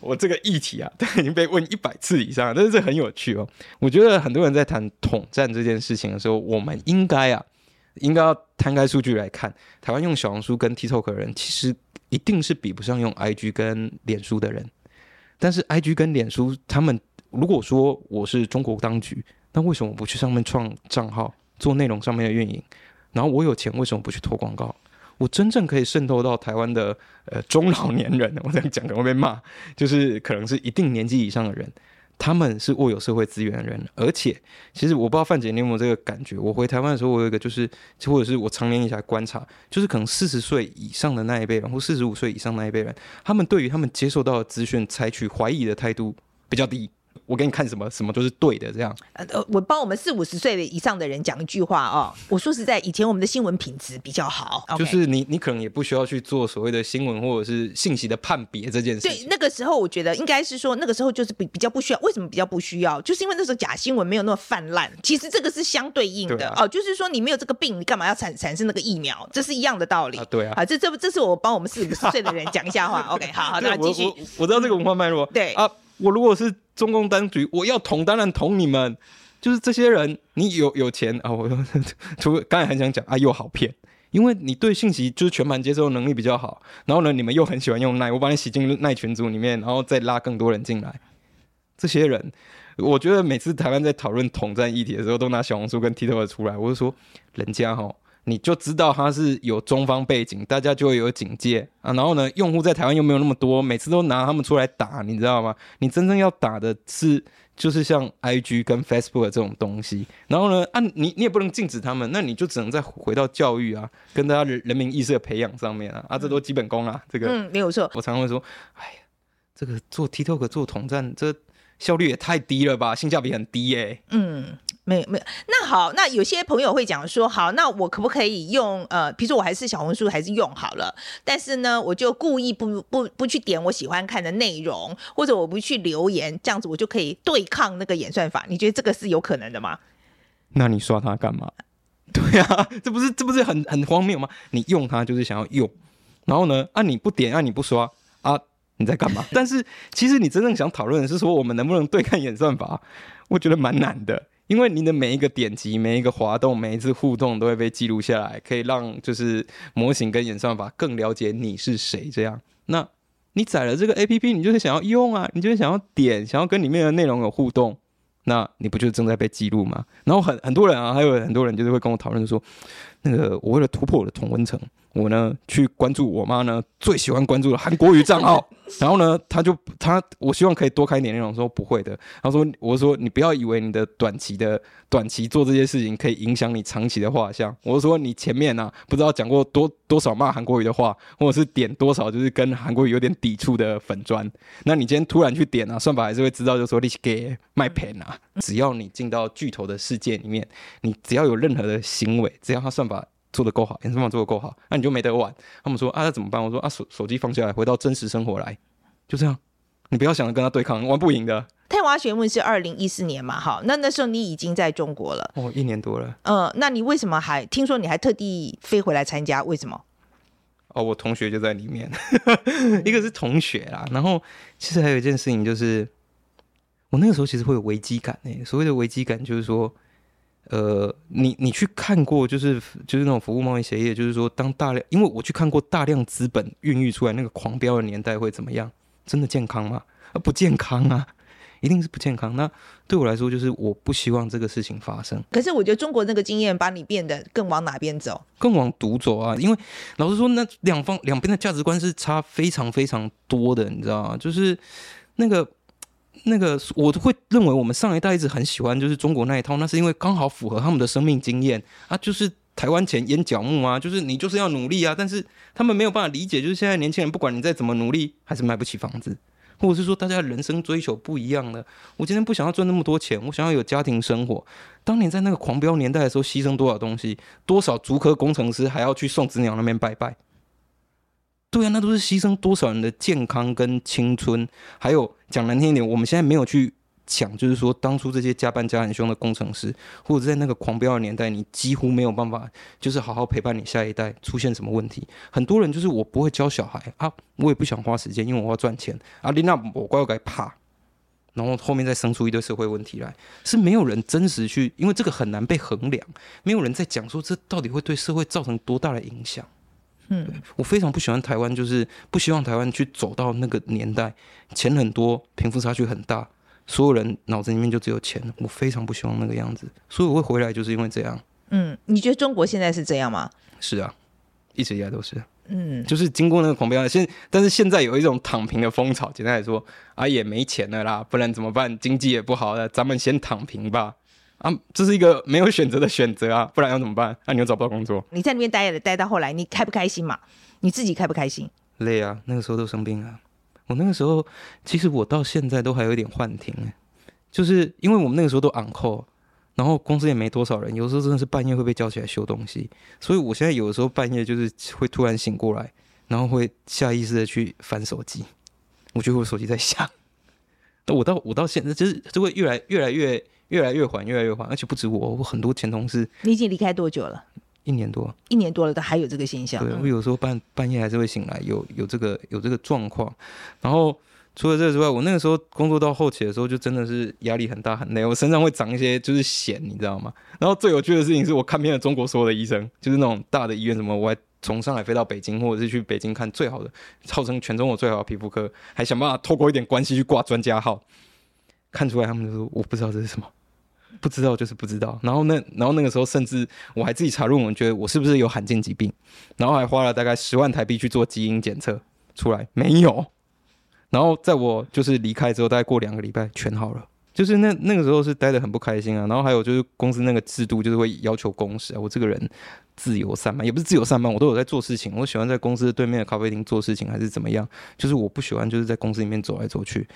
我這個議題啊，都已經被問一百次以上了，但是這很有趣哦。我覺得很多人在談統戰這件事情的時候，我們應該啊，應該要攤開數據來看，台灣用小紅書跟 TikTok 的人，其實一定是比不上用 IG 跟臉書的人。但是 IG 跟臉書，他們如果說我是中國當局，那為什麼不去上面創賬號？做內容上面的運營，然後我有錢，為什麼不去投廣告？我真正可以滲透到台灣的呃中老年人，我這樣講可能會被罵，就是可能是一定年紀以上的人，他們是握有社會資源的人，而且其實我不知道范姐你有沒有這個感覺。我回台灣的時候，我有一個就是或者是我常年以來觀察，就是可能四十歲以上的那一輩人或四十五歲以上那一輩人，他們對於他們接受到的資訊採取懷疑的態度比較低。我給你看什麼，什麼都是對的，這樣。呃我幫我們四五十歲的以上的人講一句話啊、哦。我說實在，以前我們的新聞品質比較好 okay。就是你，你可能也不需要去做所謂的新聞或者是信息的判別這件事。對，那個時候我覺得應該是說，那個時候就是比比較不需要。為什麼比較不需要？就是因為那時候假新聞沒有那麼氾濫。其實這個是相對應的對、啊、哦。就是說你沒有這個病，你幹嘛要產產生那個疫苗？這是一樣的道理。啊對啊。啊，這這這是我幫我們四五十歲的人講一下話。 OK，好好那繼續我我。我知道這個文化脈絡。嗯、對啊，我如果是。中共當局，我要捅，當然捅你們。就是這些人，你有有錢啊、哦？我，剛才很想講啊，又好騙，因為你對信息，就是全盤接受能力比較好。然後呢，你們又很喜歡用賴，我把你洗進賴群組裡面，然後再拉更多人進來。這些人，我覺得每次台灣在討論統戰議題的時候，都拿小紅書跟 TikTok 出來，我就說人家哈、哦。你就知道他是有中方背景，大家就會有警戒啊。然後呢，用戶在台灣又沒有那麼多，每次都拿他們出來打，你知道嗎？你真正要打的是就是像 IG 跟 Facebook 這種東西。然後呢，啊，你你也不能禁止他們，那你就只能再回到教育啊，跟大家人，人民意識的培養上面啊。啊，這都基本功啦。啊，嗯。這個嗯，沒有錯。我常常會說，哎呀，這個做 TikTok 做統戰，這效率也太低了吧，性價比很低耶，欸。嗯。沒有沒有，那好，那有些朋友會講說，好，那我可不可以用呃，比如說我還是小紅書，還是用好了。但是呢，我就故意不不不去點我喜歡看的內容，或者我不去留言，這樣子我就可以對抗那個演算法。你覺得這個是有可能的嗎？那你刷它幹嘛？對啊，這不是這不是很很荒謬嗎？你用它就是想要用，然後呢，啊你不點，啊你不刷，啊你在幹嘛？ 但是其實你真正想討論的是說，我們能不能對抗演算法？我覺得蠻難的。因為你的每一個點擊、每一個滑動、每一次互動都會被記錄下來，可以讓就是模型跟演算法更了解你是誰這樣。那你載了這個 APP，你就是想要用啊，你就是想要點，想要跟裡面的內容有互動，那你不就正在被記錄嗎？然後很很多人啊，還有很多人就是會跟我討論說，那個我為了突破我的同溫層。我呢去關注我媽呢最喜歡關注的韓國瑜賬號， 然後呢，他就他我希望可以多開一點那種說不會的，他說，我說你不要以為你的短期的短期做這些事情可以影響你長期的畫像，我說你前面啊，不知道講過多多少罵韓國瑜的話，或者是點多少就是跟韓國瑜有點抵觸的粉專，那你今天突然去點啊，算法還是會知道，就說你給賣偏啊， 只要你進到巨頭的世界裡面，你只要有任何的行為，只要他算法。做的夠好，演算法做的夠好，那、啊、你就沒得玩。他們說啊，那怎麼辦？我說啊，手手機放下來，回到真實生活來，就這樣。你不要想着跟他對抗，玩不贏的。太陽花學運是二零一四年嘛？好，那那時候你已經在中國了，哦，一年多了。嗯、呃，那你為什麼還聽說你還特地飛回來參加？為什麼？哦，我同學就在裡面， 一個是同學啦。然後其實還有一件事情就是，我那個時候其實會有危機感呢，所謂的危機感就是說。呃，你你去看過，就是就是那種服務貿易協議，就是說，當大量因為我去看過大量資本孕育出來那個狂飆的年代會怎麼樣？真的健康嗎？啊，不健康啊，一定是不健康。那對我來說，就是我不希望這個事情發生。可是我覺得中國那個經驗把你變得更往哪邊走？更往獨走啊，因為老實說，那兩方兩邊的價值觀是差非常非常多的，你知道嗎？就是那個。那個我會認為，我們上一代一直很喜歡就是中國那一套，那是因為剛好符合他們的生命經驗啊，就是台灣錢淹腳目啊，就是你就是要努力啊，但是他們沒有辦法理解，就是現在年輕人，不管你再怎麼努力，還是買不起房子，或者是說大家的人生追求不一樣了。我今天不想要賺那麼多錢，我想要有家庭生活。當年在那個狂飆年代的時候，犧牲多少東西，多少竹科工程師還要去送子鳥那邊拜拜。對啊，那都是犧牲多少人的健康跟青春，還有講難聽一點，我們現在沒有去講，就是說當初這些加班加很凶的工程師，或者在那個狂飆的年代，你幾乎沒有辦法，就是好好陪伴你下一代。出現什麼問題？很多人就是我不會教小孩啊，我也不想花時間，因為我要賺錢啊。琳娜，我怪不怕，然後後面再生出一堆社會問題來，是沒有人真實去，因為這個很難被衡量，沒有人在講說這到底會對社會造成多大的影響。嗯，我非常不喜歡台灣，就是不希望台灣去走到那個年代，錢很多，貧富差距很大，所有人腦子裡面就只有錢，我非常不希望那個樣子，所以我會回來就是因為這樣。嗯，你覺得中國現在是這樣嗎？是啊，一直以來都是。嗯，就是經過那個狂飆，現但是現在有一種躺平的風潮，簡單來說啊，也沒錢了啦，不然怎麼辦？經濟也不好了，咱們先躺平吧。啊，這是一個沒有選擇的選擇啊，不然要怎麼辦？那、啊、你又找不到工作。你在那邊待也待到後來，你開不開心嘛？你自己開不開心？累啊，那個時候都生病了、啊。我那個時候，其實我到現在都還有一點幻聽，就是因為我們那個時候都 on call，然後公司也沒多少人，有時候真的是半夜會被叫起來修東西，所以我現在有的時候半夜就是會突然醒過來，然後會下意識的去翻手機，我覺得我手機在響。那我到我到現在，就是就會越來越來越。越來越緩，越來越緩，而且不止我，我很多前同事。你已經離開多久了？一年多，一年多了，都還有這個現象。對，我有時候半半夜還是會醒來，有有這個有這個狀況。然後除了這之外，我那個時候工作到後期的時候，就真的是壓力很大很累，我身上會長一些就是癬，你知道嗎？然後最有趣的事情是我看遍了中國所有的醫生，就是那種大的醫院，什麼我還從上海飛到北京，或者是去北京看最好的號稱全中國最好的皮膚科，還想辦法透過一點關係去掛專家號，看出來他們就說我不知道這是什麼。不知道就是不知道，然後那然後那個時候，甚至我還自己查論文，我覺得我是不是有罕見疾病，然後還花了大概十萬台幣去做基因檢測，出來沒有，然後在我就是離開之後，大概過兩個禮拜全好了，就是那那個時候是待得很不開心啊，然後還有就是公司那個制度就是會要求公示啊，我這個人，自由散漫，也不是自由散漫。我都有在做事情。我喜歡在公司對面的咖啡廳做事情，還是怎麼樣？就是我不喜歡就是在公司裡面走來走去。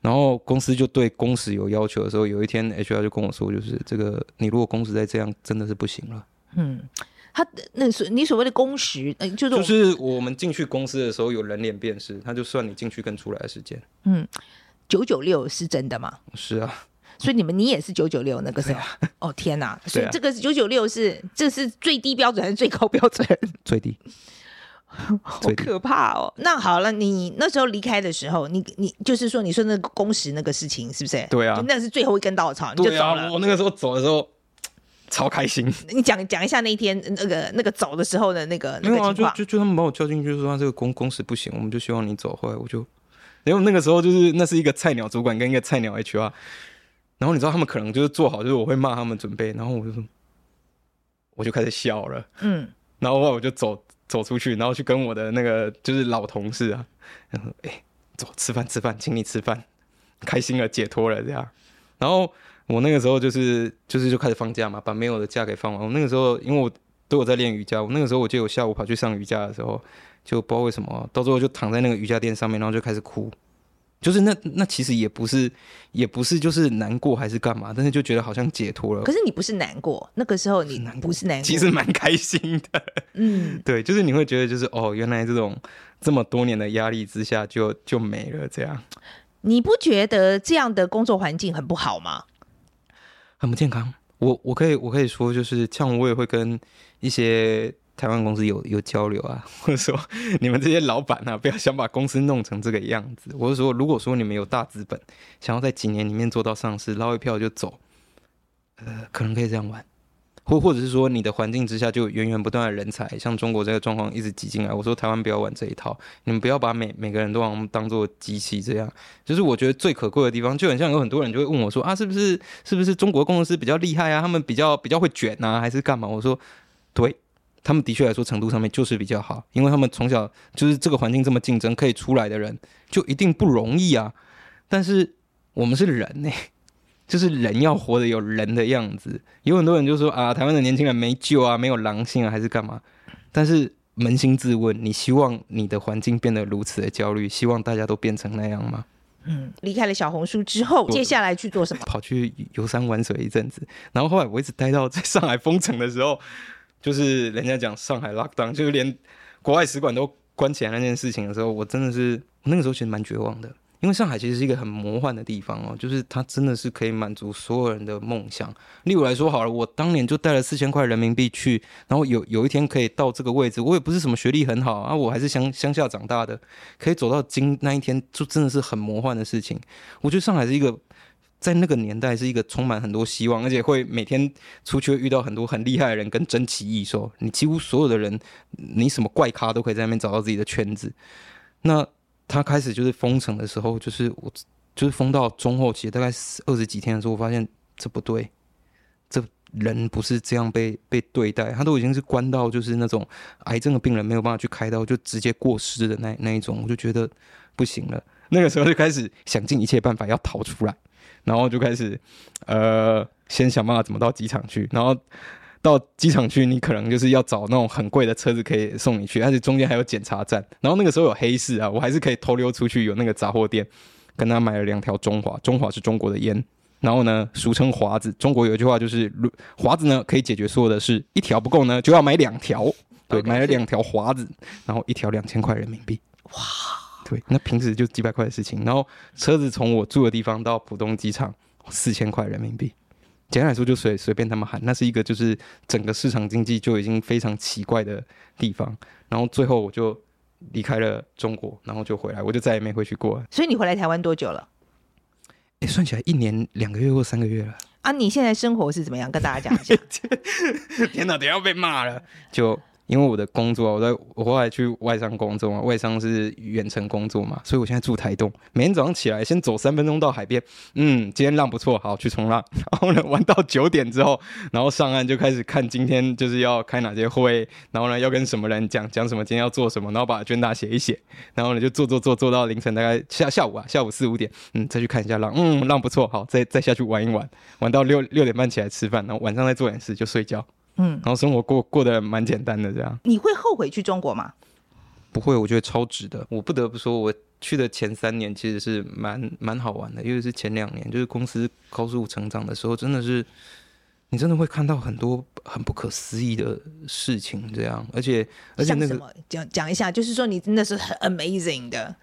然後公司就對工時有要求的時候，有一天 HR 就跟我說，就是這個你如果工時再這樣，真的是不行了。嗯，他那所你所謂的工時，就是就是我們進去公司的時候有人臉辨識，他就算你進去跟出來的時間。嗯，九九六是真的嗎？是啊。所以你們，你也是九九六那個是吧？啊？哦天吶、啊。所以這個九九六是，這是最低標準還是最高標準？最低、啊， 好可怕哦。 那好了，你那時候離開的時候，你你就是說，你說那個工時那個事情是不是？對啊，那是最後一根稻草，你就走了。啊、我那個時候走的時候超開心。你講講一下那一天那個那個走的時候的那個、啊那個、就就就他們把我叫進去就說、啊，這個工工時不行，我們就希望你走。後來我就，因、欸、為那個時候就是那是一個菜鳥主管跟一個菜鳥 HR。然後你知道他們可能就是做好，就是我會罵他們準備，然後我就，我就開始笑了，嗯，然後，後來我就走走出去，然後去跟我的那個就是老同事啊，然後，哎，走吃飯吃飯，請你吃飯，開心了，解脫了這樣，然後我那個時候就是就是就開始放假嘛，把沒有的假給放完。我那個時候因為我都有在練瑜伽，我那個時候我就有下午跑去上瑜伽的時候，就不知道為什麼啊，到最後就躺在那個瑜伽墊上面，然後就開始哭。就是那那其實也不是也不是就是難過還是幹嘛，但是就覺得好像解脫了。可是你不是難過，那個時候你不是難過，其實蠻開心的。嗯， 對，就是你會覺得就是哦，原來這種這麼多年的壓力之下就就沒了這樣。你不覺得這樣的工作環境很不好嗎？很不健康。我我可以我可以說就是像我也會跟一些。台灣公司有有交流啊，或者說你們這些老闆啊，不要想把公司弄成這個樣子。我是說，如果說你們有大資本，想要在幾年裡面做到上市，撈一票就走，呃，可能可以這樣玩，或或者是說你的環境之下就源源不斷的人才，像中國這個狀況一直擠進來。我說台灣不要玩這一套，你們不要把每每個人都當當做機器這樣。就是我覺得最可貴的地方，就很像有很多人就會問我說啊，是不是是不是中國公司比較厲害啊？他們比較比較會卷啊，還是幹嘛？我說對。他們的確來說，程度上面就是比較好，因為他們從小就是這個環境這麼競爭，可以出來的人就一定不容易啊。但是我們是人呢、欸，就是人要活得有人的樣子。有很多人就說啊，台灣的年輕人沒救啊，沒有狼性啊，還是幹嘛？但是捫心自問，你希望你的環境變得如此的焦慮，希望大家都變成那樣嗎？嗯，離開了小紅書之後，接下來去做什麼？跑去遊山玩水一陣子，然後後來我一直待到在上海封城的時候。就是人家講上海 Lockdown，就是連國外使館都關起來那件事情的時候，我真的是那個時候其實蠻絕望的。因為上海其實是一個很魔幻的地方哦，就是它真的是可以滿足所有人的夢想。例如來說好了，我當年就帶了四千塊人民幣去，然後有有一天可以到這個位置，我也不是什麼學歷很好啊，我還是鄉鄉下長大的，可以走到今那一天，就真的是很魔幻的事情。我覺得上海是一個。在那個年代是一個充滿很多希望，而且會每天出去會遇到很多很厲害的人跟珍奇異獸。你幾乎所有的人，你什麼怪咖都可以在那邊找到自己的圈子。那他開始就是封城的時候，就是我就是封到中後期，大概二十幾天的時候，我發現這不對，這人不是這樣被被對待。他都已經是關到就是那種癌症的病人沒有辦法去開刀，就直接過世的那那一種，我就覺得不行了。那個時候就開始想盡一切辦法要逃出來。然後就開始，呃，先想辦法怎麼到機場去。然後到機場去，你可能就是要找那種很貴的車子可以送你去，而且中間還有檢查站。然後那個時候有黑市啊，我還是可以偷溜出去，有那個雜貨店，跟他買了兩條中華，中華是中國的菸，然後呢，俗稱華子。中國有一句話就是，華子呢可以解決所有的事，是一條不夠呢就要買兩條。對，買了兩條華子，然後一條兩千塊人民幣。哇！那平時就幾百塊的事情，然後車子從我住的地方到浦東機場四千塊人民幣，簡單來說就隨隨便他們喊，那是一個就是整個市場經濟就已經非常奇怪的地方。然後最後我就離開了中國，然後就回來，我就再也沒回去過了。所以你回來台灣多久了？哎，算起來一年兩個月或三個月了啊！你現在生活是怎麼樣？跟大家講一下。 天哪，等下要被罵了。就。因為我的工作啊，我在我後來去外商工作嘛，外商是遠程工作嘛，所以我現在住台東，每天早上起來先走三分鐘到海邊，嗯，今天浪不錯，好，去衝浪，然後呢玩到九點之後，然後上岸就開始看今天就是要開哪些會，然後呢要跟什麼人講講什麼，今天要做什麼，然後把卷大寫一寫，然後呢就做做做做到凌晨大概下下午啊下午四五點，嗯，再去看一下浪，嗯，浪不錯，好再再下去玩一玩，玩到六六點半起來吃飯，然後晚上再做點事就睡覺。嗯，然後生活過過得蠻簡單的。這樣你會後悔去中國嗎？不會，我覺得超值的。我不得不說，我去的前三年其實是蠻蠻好玩的，尤其是前兩年，就是公司高速成長的時候，真的是你真的會看到很多很不可思議的事情。這樣，而且而且那個什麼講講一下，就是說你真的是很 amazing 的，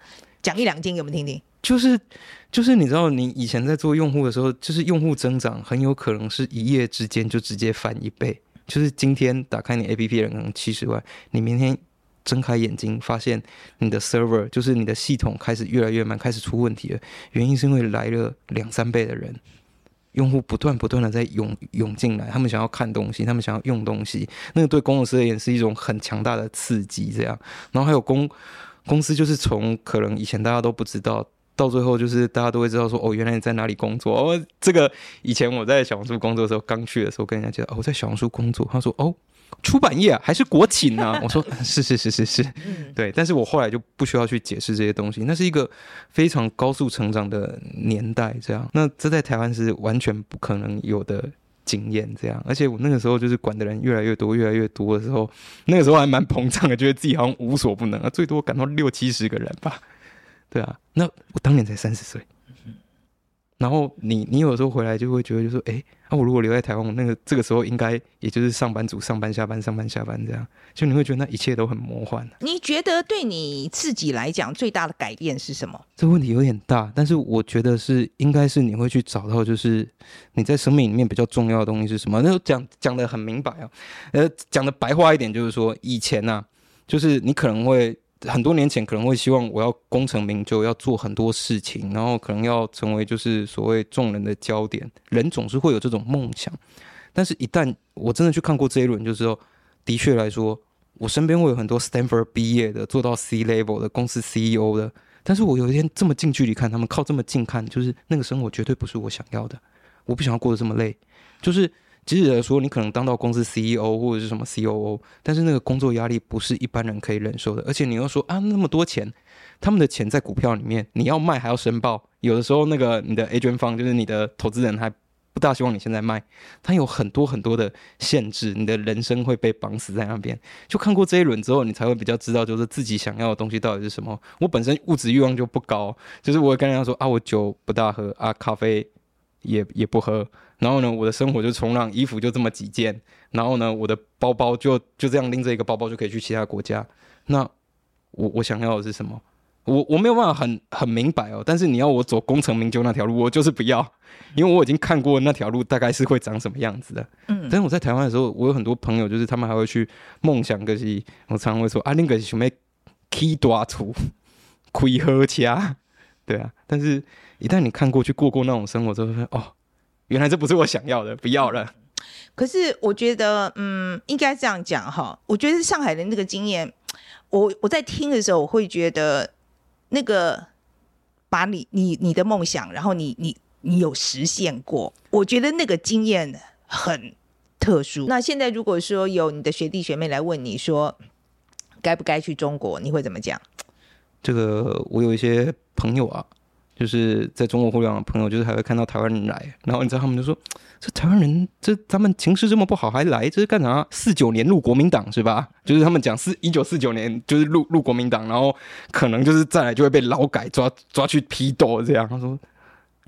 講一兩件給我們聽聽。就是就是你知道，你以前在做用戶的時候，就是用戶增長很有可能是一夜之間就直接翻一倍。就是今天打開你 APP 的人可能七十萬，你明天睜開眼睛發現你的 server，就是你的系統開始越來越慢，開始出問題了。原因是因為來了兩三倍的人，用戶不斷不斷的在湧湧進來，他們想要看東西，他們想要用東西，那個對公司而言是一種很強大的刺激。這樣，然後還有公公司就是從可能以前大家都不知道。到最後，就是大家都會知道說，哦，原來你在哪裡工作？哦，這個以前我在小紅書工作的時候，剛去的時候跟人家講，哦，我在小紅書工作，他說，哦，出版業啊，還是國企呢，啊？我說，嗯，是是是是是，對。但是我後來就不需要去解釋這些東西，那是一個非常高速成長的年代，這樣。那這在台灣是完全不可能有的經驗，這樣。而且我那個時候就是管的人越來越多，越來越多的時候，那個時候還蠻膨脹的，覺得自己好像無所不能啊，最多管到六七十個人吧。對啊，那我當年才三十歲，然後你你有時候回來就會覺得、就是，就說哎，那、啊、我如果留在台灣，那個這個時候應該也就是上班族，上班下班，上班下班這樣，就你會覺得那一切都很魔幻、啊。你覺得對你自己來講，最大的改變是什麼？這問題有點大，但是我覺得是應該是你會去找到，就是你在生命裡面比較重要的東西是什麼？那就講講的很明白啊，呃，講的白話一點就是說，以前啊，就是你可能會。很多年前可能會希望我要功成名就，要做很多事情，然後可能要成為就是所謂眾人的焦點。人總是會有這種夢想，但是，一旦我真的去看過這一輪就，就是說的確來說，我身邊會有很多 Stanford 畢業的，做到 C level 的公司 CEO 的。但是我有一天這麼近距離看他們，靠這麼近看，就是那個生活絕對不是我想要的。我不想要過得這麼累，就是。其實說，你可能當到公司 CEO 或者是什麼 COO，但是那個工作壓力不是一般人可以忍受的。而且你又說啊，那麼多錢，他們的錢在股票裡面，你要賣還要申報，有的時候那個你的 Agent 方就是你的投資人還不大希望你現在賣，他有很多很多的限制，你的人生會被綁死在那邊。就看過這一輪之後，你才會比較知道，就是自己想要的東西到底是什麼。我本身物質欲望就不高，就是我會跟人家說啊，我酒不大喝啊，咖啡。也也不喝，然後呢，我的生活就衝浪，衣服就這麼幾件，然後呢，我的包包就就這樣拎着一個包包就可以去其他國家。那我我想要的是什麼？我我沒有辦法很很明白哦。但是你要我走功成名就那條路，我就是不要，因為我已經看過那條路大概是會長什麼樣子的。嗯，但是我在台灣的時候，我有很多朋友，就是他們還會去夢想個西，就是、我常常會說啊，那個小妹 K 多啊圖虧喝家，對啊，但是。一旦你看過去過過那種生活，就會覺得，哦，原來這不是我想要的，不要了。可是我覺得，嗯，應該這樣講哈。我覺得上海的那個經驗，我我在聽的時候，我會覺得那個把你你你的夢想，然後你你你有實現過，我覺得那個經驗很特殊。那現在如果說有你的學弟學妹來問你說，該不該去中國，你會怎麼講？這個我有一些朋友啊。就是在中國互聯網朋友，就是還會看到台灣人來，然後你知道他們就說：“這台灣人，這他們情勢這麼不好還來，這是幹啥？四九年入國民黨是吧？就是他們講四一九四九年就是入入國民黨，然後可能就是再來就會被勞改抓抓去批鬥這樣。”他說：“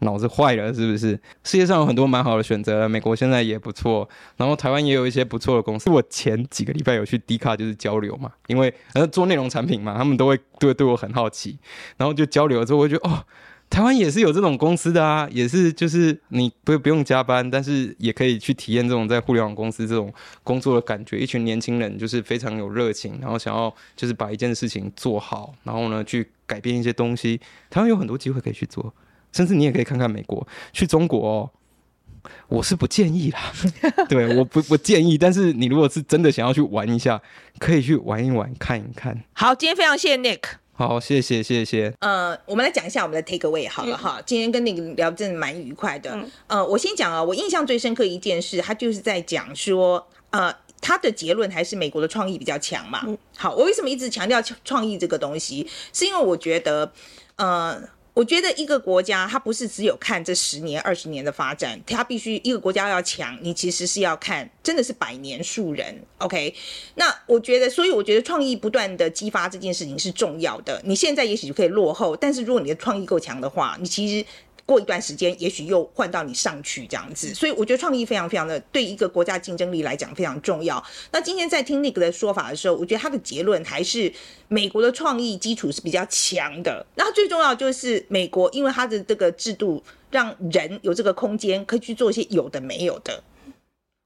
腦子壞了是不是？世界上有很多蠻好的選擇，美國現在也不錯，然後台灣也有一些不錯的公司。我前幾個禮拜有去迪卡就是交流嘛，因為然後做內容產品嘛，他們都會對對，對我很好奇，然後就交流了之後，我就……哦。”台灣也是有這種公司的啊，也是就是你不不用加班，但是也可以去體驗這種在互聯網公司這種工作的感覺。一群年輕人就是非常有熱情，然後想要就是把一件事情做好，然後呢去改變一些東西。台灣有很多機會可以去做，甚至你也可以看看美國。去中國哦。我是不建議啦， 對，我不不建議。但是你如果是真的想要去玩一下，可以去玩一玩，看一看。好，今天非常謝謝 Nick。好，謝謝謝謝。呃，我們來講一下我們的 Takeaway 好了哈。嗯、今天跟你聊真的蠻愉快的、嗯。呃，我先講啊，我印象最深刻一件事，他就是在講說，呃，他的結論還是美國的創意比較強嘛。嗯、好，我為什麼一直強調創意這個東西？是因為我覺得，呃。我覺得一個國家，它不是只有看這十年、二十年的發展，它必須一個國家要強，你其實是要看，真的是百年樹人。OK，那我覺得，所以我覺得創意不斷的激發這件事情是重要的。你現在也許就可以落後，但是如果你的創意夠強的話，你其實。過一段時間，也許又換到你上去這樣子，所以我覺得創意非常非常的對一個國家競爭力來講非常重要。那今天在聽 Nick 的說法的時候，我覺得他的結論還是美國的創意基礎是比較強的。那最重要的就是美國，因為他的這個制度讓人有這個空間，可以去做一些有的沒有的。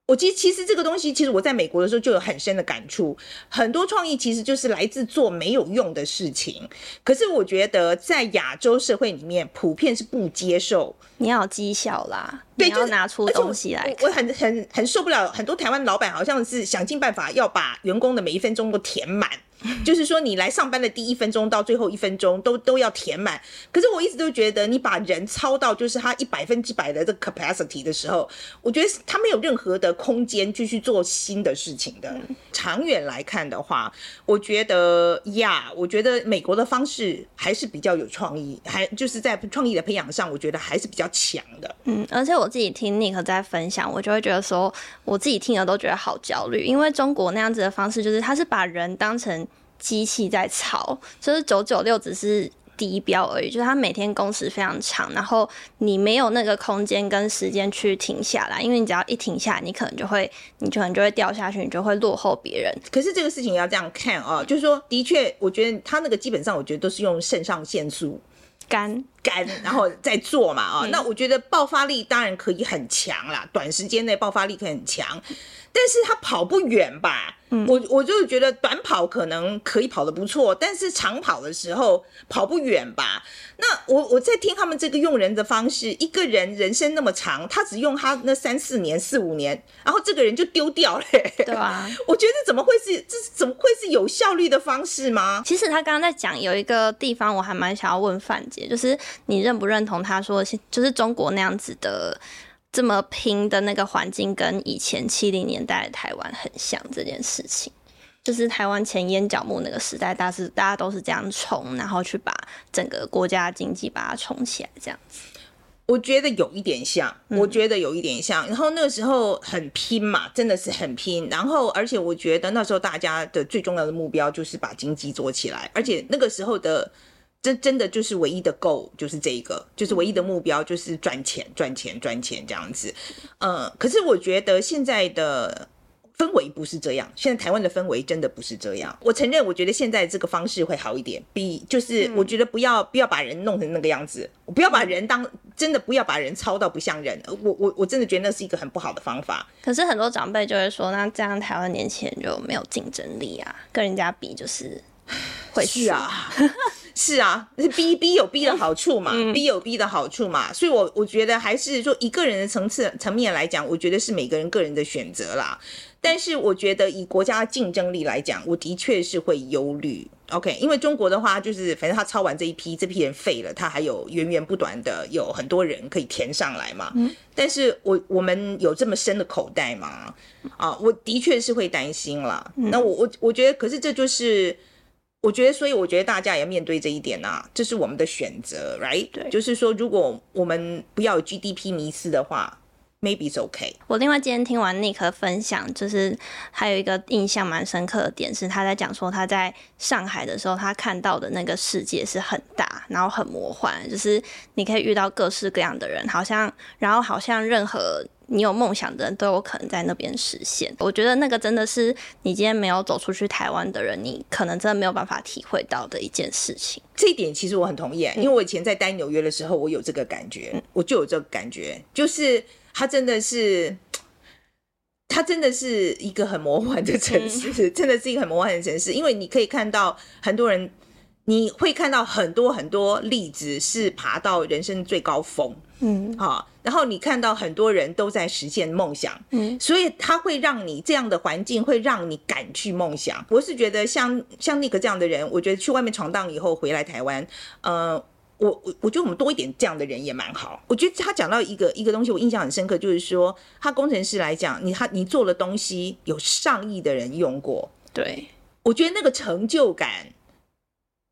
我其實其實這個東西，其實我在美國的時候就有很深的感觸。很多創意其實就是來自做沒有用的事情。可是我覺得在亞洲社會裡面，普遍是不接受，你要績效啦，對，就拿出東西來。我很很很受不了，很多台灣老闆好像是想盡辦法要把員工的每一分鐘都填滿。就是說，你來上班的第一分鐘到最後一分鐘都都要填滿。可是我一直都覺得，你把人超到就是他一百分之百的這個 capacity 的時候，我覺得他沒有任何的空間繼續做新的事情的。長遠來看的話，我覺得呀，yeah, 我覺得美國的方式還是比較有創意，還就是在創意的培養上，我覺得還是比較強的。嗯，而且我自己聽 Nick 在分享，我就會覺得說，我自己聽了都覺得好焦慮，因為中國那樣子的方式就是他是把人當成。機器在操，就是九九六只是低標而已，就是他每天工時非常長，然後你沒有那個空間跟時間去停下來，因為你只要一停下來，你可能就會，你可能就會掉下去，你就會落後別人。可是這個事情要這樣看哦、喔嗯，就是說，的確，我覺得他那個基本上，我覺得都是用腎上腺素肝，干， 然後再做嘛啊、喔嗯？那我覺得爆發力當然可以很強啦，短時間內爆發力可以很強，但是他跑不遠吧？嗯，我我就覺得短跑可能可以跑得不錯，但是長跑的時候跑不遠吧？那我我在聽他們這個用人的方式，一個人人生那麼長，他只用他那三四年、四五年，然後這個人就丟掉了、欸，對啊？我覺得怎麼會是這是怎麼會是有效率的方式嗎？其實他剛剛在講有一個地方，我還蠻想要問范姐，就是。你認不認同他說，就是中國那樣子的這麼拼的那個環境，跟以前七零年代的台灣很像這件事情？就是台灣錢淹腳目那個時代，大是大家都是這樣衝，然後去把整個國家經濟把它衝起來，這樣子，嗯。我覺得有一點像，我覺得有一點像。然後那個時候很拼嘛，真的是很拼。然後，而且我覺得那時候大家的最重要的目標就是把經濟做起來，而且那個時候的。這真的就是唯一的 goal，就是這一個，就是唯一的目標，就是賺錢、嗯、賺錢、賺錢這樣子。嗯，可是我覺得現在的氛圍不是這樣，現在台灣的氛圍真的不是這樣。我承認，我覺得現在這個方式會好一點，比就是我覺得不要、嗯、不要把人弄成那個樣子，不要把人當、嗯、真的，不要把人操到不像人。我我我真的覺得那是一個很不好的方法。可是很多長輩就會說，那這樣台灣年輕人就沒有競爭力啊，跟人家比就是會去啊。 是啊，那是逼，逼有逼的好處嘛、嗯，逼有逼的好處嘛，所以我，我我覺得還是說一個人的層次層面來講，我覺得是每個人個人的選擇啦。但是，我覺得以國家競爭力來講，我的確是會憂慮。OK，因為中國的話，就是反正他抄完這一批，這批人廢了，他還有源源不斷的有很多人可以填上來嘛。嗯、但是我，我我們有這麼深的口袋嘛，啊，我的確是會擔心啦。嗯、那我我我覺得，可是這就是。我覺得，所以我覺得大家也要面對這一點啊，這是我們的選擇，right？對，就是說，如果我們不要有 GDP 迷思的話，maybe 是 OK。我另外今天聽完 Nick 分享，就是還有一個印象蠻深刻的點是，他在講說他在上海的時候，他看到的那個世界是很大，然後很魔幻，就是你可以遇到各式各樣的人，好像，然後好像任何。你有夢想的人都有可能在那邊實現。我覺得那個真的是你今天沒有走出去台灣的人，你可能真的沒有辦法體會到的一件事情。這一點其實我很同意，嗯、因為我以前在待紐約的時候，我有這個感覺，嗯、我就有這個感覺，就是它真的是，它真的是一個很魔幻的城市，嗯、真的是一個很魔幻的城市，嗯、因為你可以看到很多人。你會看到很多很多例子是爬到人生最高峰，嗯，哈，然後你看到很多人都在實現夢想，嗯，所以他會讓你這樣的環境會讓你敢去夢想。我是覺得像像 Nick 這樣的人，我覺得去外面闖蕩以後回來台灣，呃，我我我覺得我們多一點這樣的人也蠻好。我覺得他講到一個一個東西，我印象很深刻，就是說他工程師來講，你他你做的東西有上億的人用過，對，我覺得那個成就感。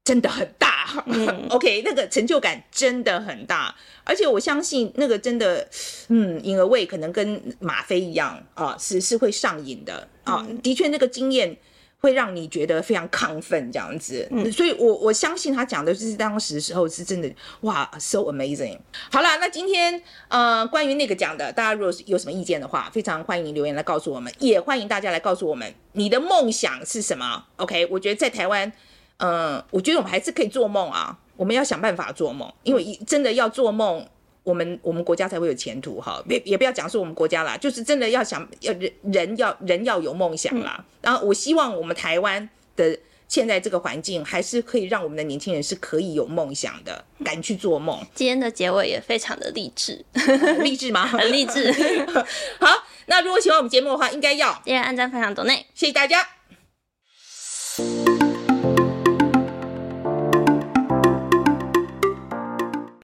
真的很大、嗯、，OK，那個成就感真的很大，而且我相信那個真的，嗯，嬰兒胃可能跟嗎啡一樣啊，是是會上癮的、嗯、啊。的確，那個經驗會讓你覺得非常亢奮這樣子，嗯、所以我我相信他講的就是當時的時候是真的，哇，so amazing。好了，那今天呃，關於那個講的，大家如果有什麼意見的話，非常歡迎留言來告訴我們，也歡迎大家來告訴我們你的夢想是什麼。OK，我覺得在台灣。嗯，我覺得我們還是可以做夢啊！我們要想辦法做夢，因為真的要做夢，我們我們國家才會有前途哈。也也不要講說我們國家啦，就是真的要想要人人要人要有夢想啦，嗯。然後我希望我們台灣的現在這個環境，還是可以讓我們的年輕人是可以有夢想的，嗯，敢去做夢。今天的結尾也非常的勵志， 勵志嗎？很勵志。 好，那如果喜歡我們節目的話，應該要按讚、分享、斗內，謝謝大家。